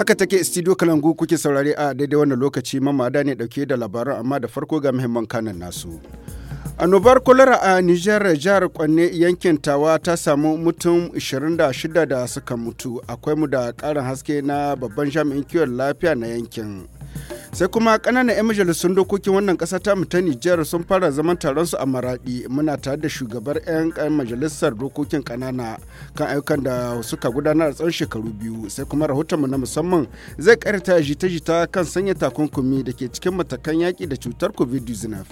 Haka take studio Kalangu kuke saurari a daidai wannan lokaci mamada ne dauke da labaran amma da farko ga muhimman kanan nasu. annobar kulara a niger jihar kwanne yankin tawa ta samu mutum 26 da suka mutu akwai mu da karin haske na babban jami'in kiwon lafiya na yankin sai kuma kananan 'yan majalisun dokokin wannan kasa ta mu ta niger sun fara zaman taron su a maradi muna tare da shugabar 'yan majalisar dokokin kanana kan ayyukan da suka gudanar a tsawon shekaru biyu sai kuma rahoton mu na musamman zai karta jita-jita kan sanya takunkumi da ke cikin matakan yaki da cutar covid-19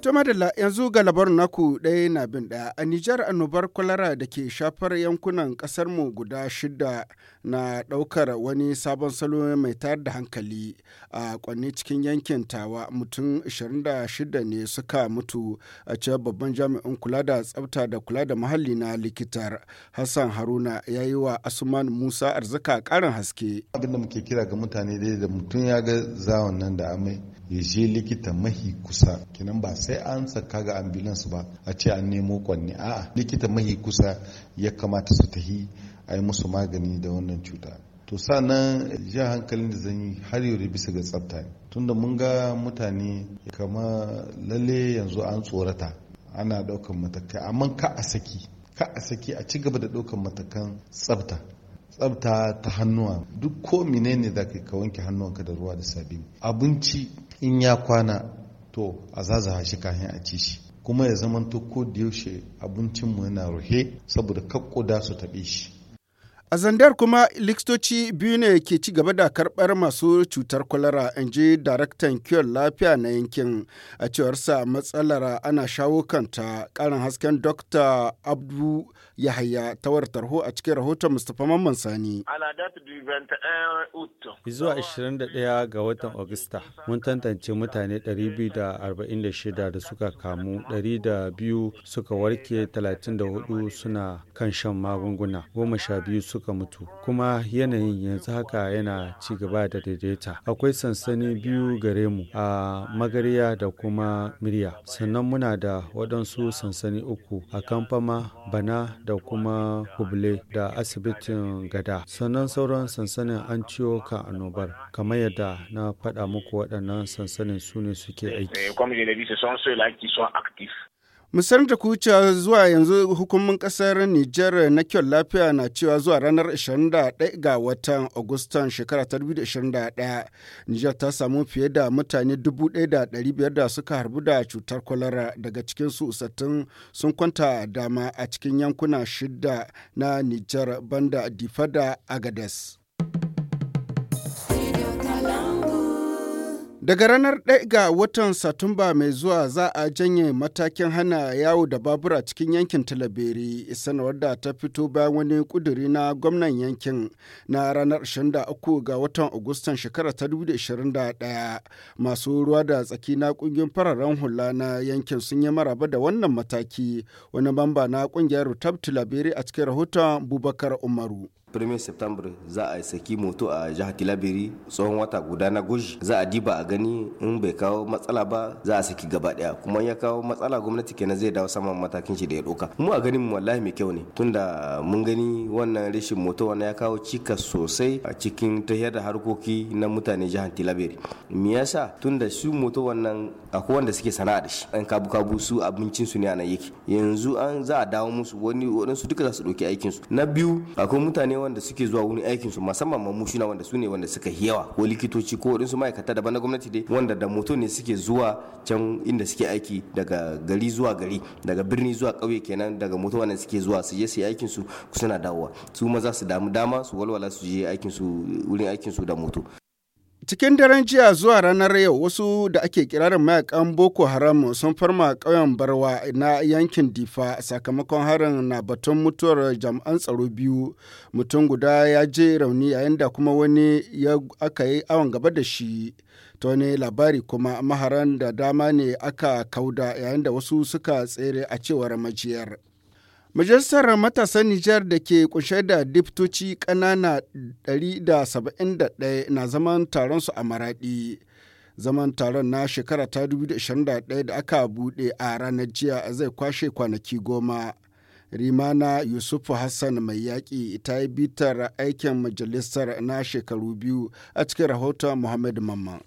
To madalla yanzu ga labarin naku ɗaya na bin ɗaya a Nijar annobar kwalara da ke shafar yankunan ƙasarmu guda shida na ɗaukar wani sabon salo mai tayar da hankali a kwanne cikin yankin tawa mutum 26 ne suka mutu a cewa babban jami'in kula da tsafta da kula da muhalli na likitar Hassan Haruna ya yi wa Asuman Musa arzika ƙarin haske. Abin da muke kira ga mutane dai da mutum ya ga zawon nan da amai ya je likita mahi kusa kinan ba sai an saka ga ambulance ba a ce an nemo kwanne a'a likita mahi kusa ya kamata su tahi a yi musu magani da wannan cuta to sannan ji hankalin da zan yi har yau bisa ga tsafta tunda mun ga mutane kama lalle yanzu an tsorata ana daukan matakai amma ka a saki ka a saki a ci gaba da daukan matakan tsafta tsafta ta hannuwa duk ko menene za ka wanke hannuwanka da ruwa da sabini abinci in ya kwana to a zazaha shi kafin a ci shi kuma ya zama to ko da yaushe abincin mu yana ruhe saboda kakkoda su taɓe shi a zandar kuma likitoci biyu ne ke ci gaba da karɓar masu cutar kwalara in ji daraktan kiwon lafiya na yankin a cewar cewarsa matsalar ana shawo kanta ƙarin hasken dr abdu Yahaya tawar tarho a cikin rahoton Mustapha Mamman Sani. Eh, Zuwa 21 ga watan Agusta, mun tantance mutane 246 da suka kamu, 102 suka warke, 34 suna kan shan magunguna, goma sha biyu suka mutu. Kuma yanayin yanzu haka yana ci gaba da daidaita. Akwai sansani biyu gare mu a Magariya da kuma Mirya. Sannan muna da waɗansu sansani uku a Kamfama, Bana da kuma Huble da asibitin Gada. Sannan sauran sansanin an ciwo ka annobar. Kamar yadda na faɗa muku waɗannan sansanin su ne suke aiki. Eh, musar da ku cewa zuwa yanzu hukumin kasar Nijar na kyau lafiya na cewa zuwa ranar 21 ga watan Agustan shekara 2021 Nijar ta samu fiye da mutane 1,500 da suka harbu da cutar kwalara daga cikin su usattun sun kwanta dama a cikin yankuna shida na Nijar banda Difada Agades. Daga ranar 1 ga watan Satumba mai zuwa za a janye matakin hana yawo da babura cikin yankin Talabiri, sanarwar da ta fito bayan wani kuduri na gwamnan yankin na ranar 23 ga watan Agustan shekarar 2021. Masu ruwa da tsaki na kungiyar fararen hula na yankin sun yi maraba da wannan mataki, wani bamba na kungiyar Rutab Talabiri a cikin rahoton Bubakar Umaru. 1 september za a saki moto a jihar tilabiri tsohon wata guda na guji za a diba a gani in bai kawo matsala ba za a saki gaba daya kuma ya kawo matsala gwamnati kenan zai dawo saman matakin shi da ya doka mu a ganin wallahi mai kyau ne tunda mun gani wannan rashin moto wannan ya kawo cika sosai a cikin tahiyar da harkoki na mutane jihar tilabiri me yasa tunda su moto wannan akwai wanda suke sana'a da shi an kabu kabu su abincin su ne anan yake yanzu an za a dawo musu wani wadansu duka za su dauki aikin su na biyu akwai mutane wanda suke zuwa wurin aikin su musamman na wanda su ne wanda suka yawa ko likitoci ko wadansu ma'aikata daban na gwamnati dai wanda da moto ne suke zuwa can inda suke aiki daga gari zuwa gari daga birni zuwa ƙauye kenan daga moto wanda suke zuwa su je su yi aikin su suna dawowa su maza su damu dama su walwala su je aikin su wurin aikin su da moto Cikin daren jiya zuwa ranar yau wasu da ake kirarin mayakan Boko Haram sun farma ƙauyen Barwa na yankin Difa sakamakon harin na batun mutuwar jami'an tsaro biyu mutum guda ya je rauni yayin da kuma wani ya aka yi awon gaba da shi. Ta wani labari kuma maharan da dama ne aka kauda yayin da wasu suka tsere a cewar majiyar. Majalisar matasan Nijar da ke kunshe da diftoci ƙanana 171 na zaman taron su a Maraɗi. Zaman taron na shekara ta 2021 da aka buɗe a ranar jiya zai kwashe kwanaki goma. Rimana yusuf Hassan mai yaƙi ta yi bitar aikin majalisar na shekaru biyu a cikin rahoton muhammad Mamman.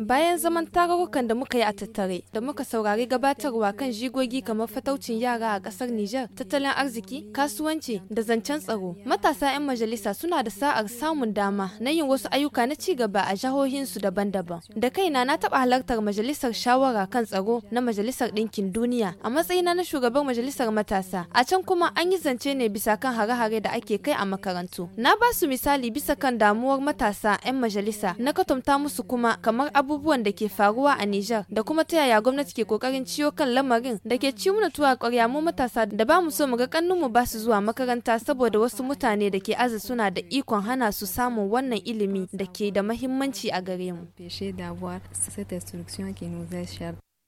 Bayan zaman tarurrukan da muka yi a tattare, da muka saurari gabatarwa kan jigogi kamar fataucin yara a ƙasar Nijar, tattalin arziki, kasuwanci da zancen tsaro, matasa 'yan majalisa suna da sa'ar samun dama na yin wasu ayyuka na ci gaba a jihohinsu daban-daban. Da kaina na taɓa halartar majalisar shawara kan tsaro na Majalisar Ɗinkin Duniya a matsayina na shugaban majalisar matasa. A can kuma an yi zance ne bisa kan hare-hare da ake kai a makarantu. Na ba su misali bisa kan damuwar matasa 'yan majalisa Niger. na katumta musu kuma kamar abubuwan da ke faruwa a niger da kuma ta yaya gwamnati ke kokarin ciyo kan lamarin da ke ci mu tuwa ƙwarya mu matasa da ba mu so mu ga mu ba su zuwa makaranta saboda wasu mutane da ke aza suna da ikon hana su samun wannan ilimi da ke da mahimmanci a gare mu.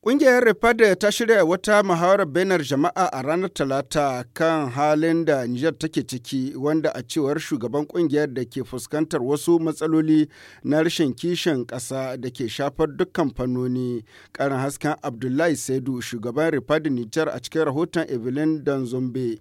Ƙungiyar Refad ta shirya wata muhawarar bainar jama'a a ranar Talata kan halin da Nijar take ciki wanda a cewar shugaban ƙungiyar da ke fuskantar wasu matsaloli na rashin kishin ƙasa da ke shafar dukkan fannoni. Ƙarin hasken Abdullahi Saidu shugaban Refad Nijar a cikin rahoton Evelyn Danzombe.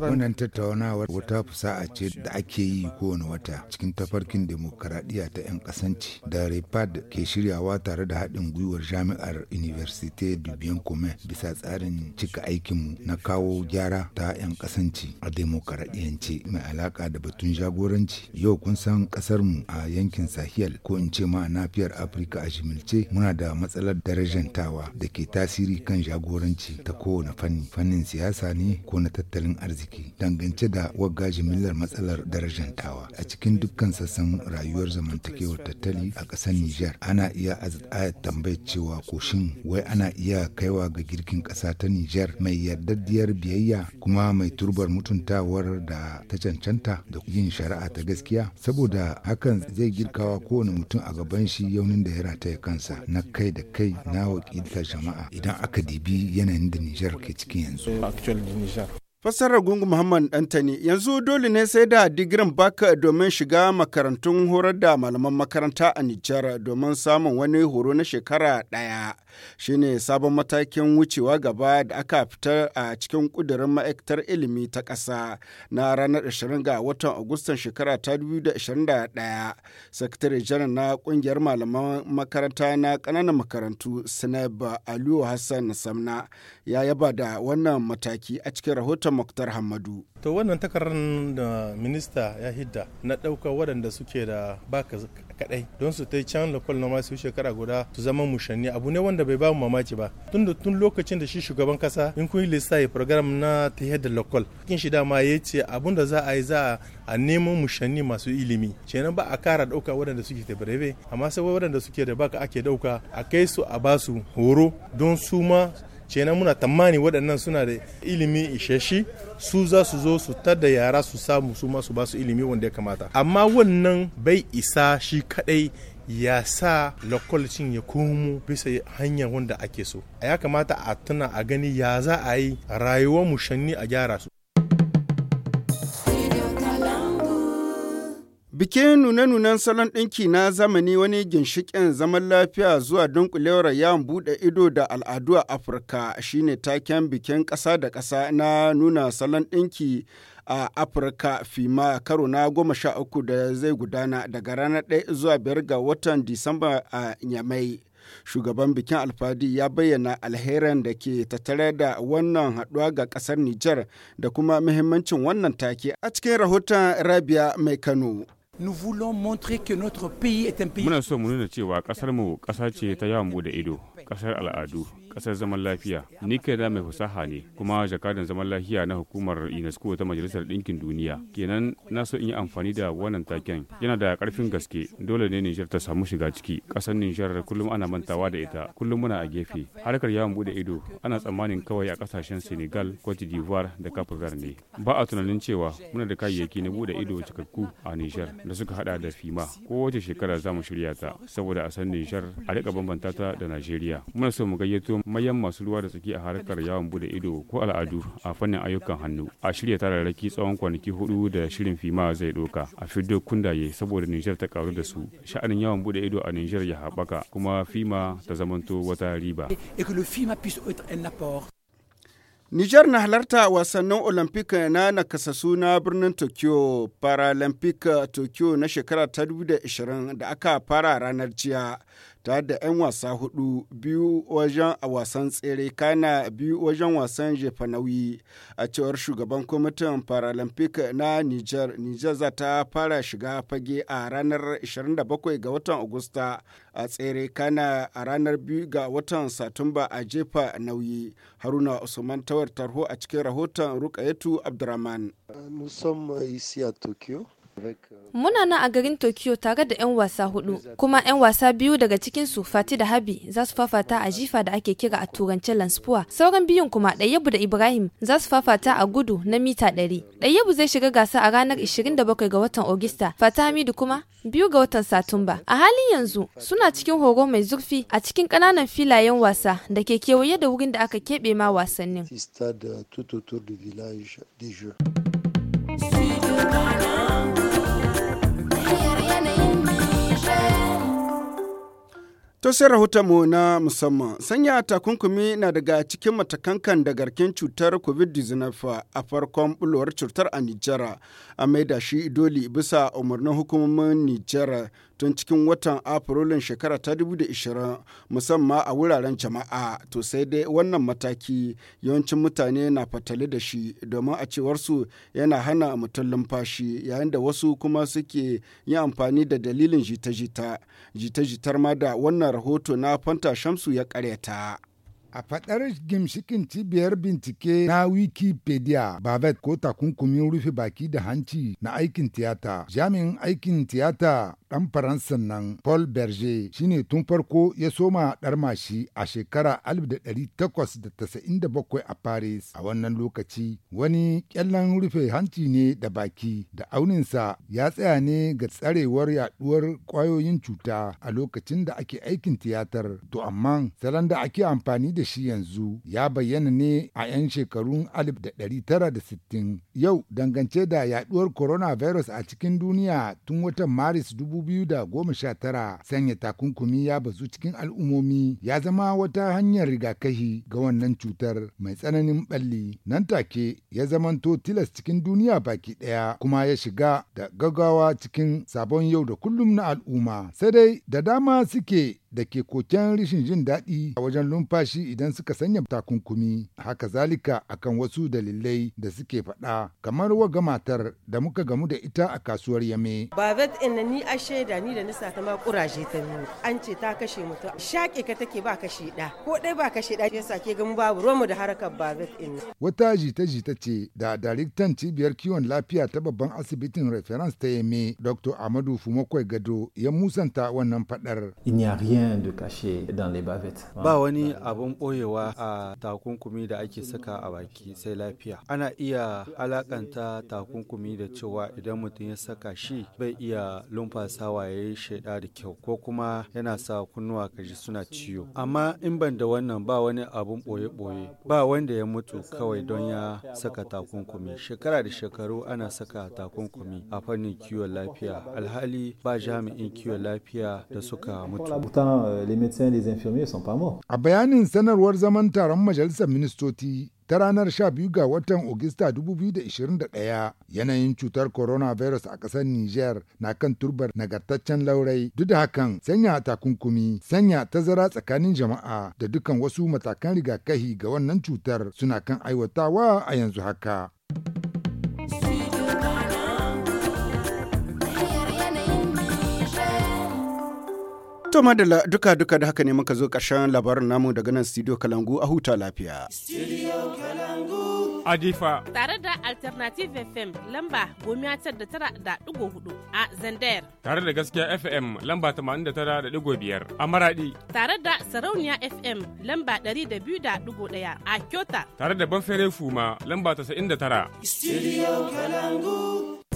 Wannan tattaunawar wata fusa'a ce da ake yi kowane wata cikin tafarkin demokaradiyya ta 'yan kasance. da repad ke shiryawa tare da haɗin gwiwar jami'ar Université du Bien Commun bisa tsarin cika aikinmu na kawo gyara ta 'yan kasance. a demokaradiyyance mai alaka da batun jagoranci. Yau kun san ƙasarmu a yankin Sahel ko in ce ma nafiyar Afirka a jimilce muna da matsalar darajantawa da ke tasiri kan jagoranci ta kowane fanni. Fannin siyasa ne ko na tattalin arziki dangance da wagga jimillar matsalar darajantawa a cikin dukkan sassan rayuwar zamantakewar tattali a ƙasar Nijar ana iya a tambayar cewa koshin wai ana iya kaiwa ga girkin ƙasa ta Nijar mai yardaddiyar biyayya kuma mai turbar mutuntawar da ta cancanta da yin shari'a ta gaskiya saboda hakan zai girkawa kowane mutum a gaban shi yaunin da ya rataya kansa na kai da kai na wakilta jama'a idan aka dibi yanayin da Nijar ke ciki yanzu. Fassarar Gungu Muhammad Dantani yanzu dole ne sai da digirin baka domin shiga makarantun horar da malaman makaranta a Nijar domin samun wani horo na shekara ɗaya. Shine sabon matakin wucewa gaba da aka fita a cikin ƙudurin ma'aikatar ilimi ta ƙasa na ranar 20 ga watan Agustan shekara ta 2021. Sakatare janar na ƙungiyar malaman makaranta na ƙananan makarantu Sinab Aliyu Hassan Samna ya yaba da wannan mataki a cikin rahoton Hassan Muktar Hamadu. To wannan takarar da minista ya hidda na ɗauka waɗanda suke da baka kaɗai don su tai can lokal na masu shekara guda su zama mushanni abu ne wanda bai ba mu mamaki ba tun da tun lokacin da shi shugaban kasa in kun yi ya program na ta da lokal kin shi dama ya ce abun da za a yi za a neman mushanni masu ilimi kenan ba a kara dauka waɗanda suke da birebe amma sai waɗanda suke da baka ake ɗauka a kai su a basu horo don su ma na muna tamani waɗannan suna da ilimi isheshi su za su zo su tada yara su samu su masu ba ilimi wanda ya kamata amma wannan bai isa shi kadai ya sa lokacin ya komo bisa hanya wanda ake so a ya kamata a tuna a gani ya za a yi rayuwar mushanni a gyara su Bikin nune-nunen salon ɗinki na zamani wani ginshiƙin zaman lafiya zuwa dunkulewar yawon buɗe ido da al'adu a Afirka shine taken bikin ƙasa da ƙasa na nuna salon ɗinki a Afirka fima karo na goma sha uku da zai gudana daga ranar ɗaya zuwa biyar ga watan Disamba a Nyamai. Shugaban bikin alfadi ya bayyana alherin da ke tattare da wannan haɗuwa ga ƙasar Nijar da kuma muhimmancin wannan take a cikin rahoton Rabia Mai Kano. nous voulons montrer que notre pays est un pays. Muna so mu nuna cewa ƙasarmu ƙasa ce ta yawon buɗe ido, ƙasar al'adu, kasar zaman lafiya ni kaina mai fasaha ne kuma jakadan zaman lafiya na hukumar unesco ta majalisar ɗinkin duniya kenan na so in yi amfani da wannan taken yana da ƙarfin gaske dole ne nijar ta samu shiga ciki ƙasar nijar kullum ana mantawa da ita kullum muna a gefe harkar yawon bude ido ana tsammanin kawai a ƙasashen senegal cote d'ivoire da cape verde ne ba a tunanin cewa muna da kayayyaki na bude ido cikakku a nijar da suka hada da fima ko kowace shekara za mu shirya ta saboda a san nijar a riƙa bambanta ta da najeriya muna so mu gayyato mayan masu ruwa da tsaki a harkar yawon bude ido ko al'adu a fannin ayyukan hannu a shirya tararraki tsawon kwanaki hudu da shirin fima zai doka a fiddo kundaye saboda nijar ta karu da su sha'anin yawon bude ido a nijar ya haɓaka kuma fima ta zamanto wata riba Nijar na halarta wasannin Olympic na nakasasu na birnin Tokyo Paralympic Tokyo na shekara ta 2020 da aka fara ranar jiya. ta da 'yan wasa hudu biyu wajen a wasan tsere kana biyu wajen wasan jefa nauyi a cewar shugaban kwamitin paralympic na niger niger za ta fara shiga fage a ranar 27 ga watan agusta a tsere kana a ranar biyu ga watan satumba a jefa nauyi haruna usman tawar tarho a cikin rahoton rukayetu abdurrahman nous sommes ici Muna nan a garin Tokyo tare da 'yan wasa hudu, kuma 'yan wasa biyu daga cikin su Fati da Habi za su fafata a jifa da ake kira a turance Lanspuwa. Sauran biyun kuma Ɗayyabu da Ibrahim za su fafata a gudu na mita 100. Ɗayyabu zai shiga gasa a ranar 27 ga watan Ogista, Fata Hamidu kuma biyu ga watan Satumba. A halin yanzu suna cikin horo mai zurfi a cikin kananan filayen wasa da ke kewaye da wurin da aka keɓe ma wasannin. To sai mu na musamman sanya takunkumi na daga cikin matakankan da garken cutar covid-19 a farkon bulowar cutar a Nijara a maida shi dole bisa umarnin hukumomin Nijara tun cikin watan Afrilun shekara ta 2020 musamman a wuraren jama'a to sai dai wannan mataki yawancin mutane na fatale da shi domin a cewarsu yana hana mutum lumfashi yayin da wasu kuma suke yin amfani da dalilin jita-jita jita-jitar ma da wannan rahoto na Fanta Shamsu ya karyata. A faɗar gimshikin cibiyar bincike na Wikipedia, Bavet ko takunkumin rufe baki da hanci na aikin tiyata, jami'in aikin tiyata ɗan Faransan nan Paul Berger shine tun farko ya soma darmashi a shekara 1897 a Paris a wannan lokaci wani ƙyallen rufe hanci ne da baki da auninsa ya tsaya ne ga tsarewar yaɗuwar kwayoyin cuta a lokacin da ake aikin tiyatar to amma salon da ake amfani da shi yanzu ya bayyana ne a 'yan shekarun 1960 yau dangance da yaɗuwar coronavirus a cikin duniya tun watan Maris dubu. 2019 sanya takunkumi ya bazu cikin al'ummomi ya zama wata hanyar rigakahi ga wannan cutar mai tsananin balli nan take ya zamanto tilas cikin duniya baki ɗaya kuma ya shiga da gaggawa cikin sabon yau da kullum na al'umma sai dai da dama suke da ke koken rashin jin daɗi a wajen numfashi idan suka sanya takunkumi haka zalika akan wasu dalilai da suke faɗa kamar waga matar da muka gamu da ita a kasuwar yame. Babat inna ni a shaida ni da nisa ta ma kuraje ta nuna an ce ta kashe mutum shaƙe ka take ba kashe ɗa ko ɗai ba kashe ɗa ya sake gamu babu romu da harakar babat inna. Wata jita jita ce da daliktan cibiyar kiwon lafiya ta babban asibitin reference ta yame Dr. Amadu Fumakwai Gado ya musanta wannan faɗar. rien de dans les Ba wani abun boyewa a takunkumi da ake saka a baki sai lafiya. Ana iya alakanta takunkumi da cewa idan mutum ya saka shi bai iya lumfasawa ya yi shaida da kyau ko kuma yana sa kunnuwa kaji suna ciwo. Amma in ban da wannan ba wani abun boye-boye ba wanda ya mutu kawai don ya saka takunkumi. Shekara da shekaru ana saka takunkumi a fannin kiwon lafiya alhali ba jami'in kiwon lafiya da suka mutu. Euh, a bayanin sanarwar zaman taron majalisar ministoci ta ranar 12 ga watan Ogista 2021 yanayin cutar coronavirus a ƙasar Niger na kan turbar nagartaccen laurai duk da hakan sanya takunkumi sanya tazara tsakanin jama'a da dukan wasu matakan rigakahi ga wannan cutar suna kan aiwatawa a yanzu haka. To madalla duka-duka da haka ne muka zo ƙarshen labarin namu daga nan studio Kalangu a huta lafiya. Studio Kalangu. Adifa. Tare da Alternative FM lamba gomiya tar da tara da ɗigo hudu a Zandayar. Tare da gaskiya FM lamba tamanin da tara da ɗigo biyar a Maraɗi. Tare da Sarauniya FM lamba ɗari da biyu da ɗigo ɗaya a Kyota. Tare da Banfere Fuma lamba tasa'in da tara. Studio Kalangu.